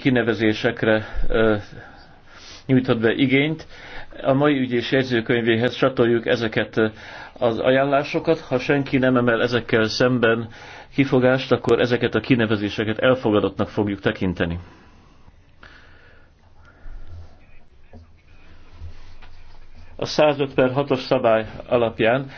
kinevezésekre nyújtott be igényt. A mai ügyés jegyzőkönyvéhez csatoljuk ezeket az ajánlásokat. Ha senki nem emel ezekkel szemben kifogást, akkor ezeket a kinevezéseket elfogadottnak fogjuk tekinteni. A 105 per 6-os szabály alapján